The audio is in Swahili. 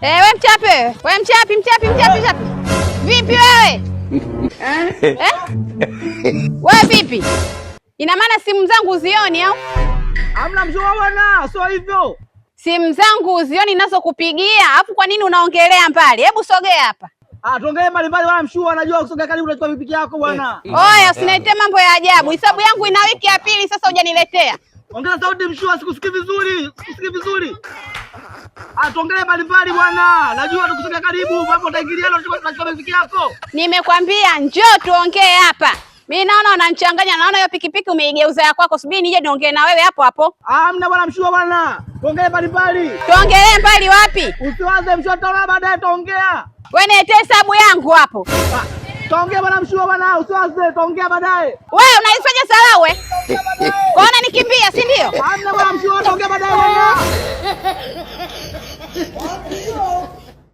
Eh, we mchape, we mchapi, mchapi, mchapi, mchapi. Vipi wewe? Eh? Wewe vipi? Ina maana simu zangu uzioni au? Amna mjua bwana, sio hivyo. Simu zangu uzioni nazokupigia afu kwa nini unaongelea mbali? Hebu sogea hapa. Ah, tuongee mbali mbali wala mshua anajua kusogea karibu unachukua vipiki yako bwana. Oya, usiniletee mambo ya ajabu. Hisabu yangu ina wiki ya pili sasa hujaniletea. Ongea sauti mshua, sikusikii vizuri, sikusikii vizuri. Atuongelee ah, mbalimbali bwana. Najua tukusogea karibu, hapo utaingilia na tutachukua mziki yako. Nimekwambia njoo tuongee hapa. Mimi naona unanichanganya, naona hiyo pikipiki umeigeuza ya kwako. Subiri nije niongee na wewe hapo hapo. Ah, hamna bwana mshua bwana. Tuongelee mbalimbali. Tuongelee mbali wapi? Usiwaze mshua, tutaona baadaye tuongea. Wewe niletee hesabu yangu hapo. Ah, tuongee bwana mshua bwana, usiwaze, tuongea baadaye. Wewe unaifanya salau wewe. Kwaona niki I'm, I'm sure I'll get my day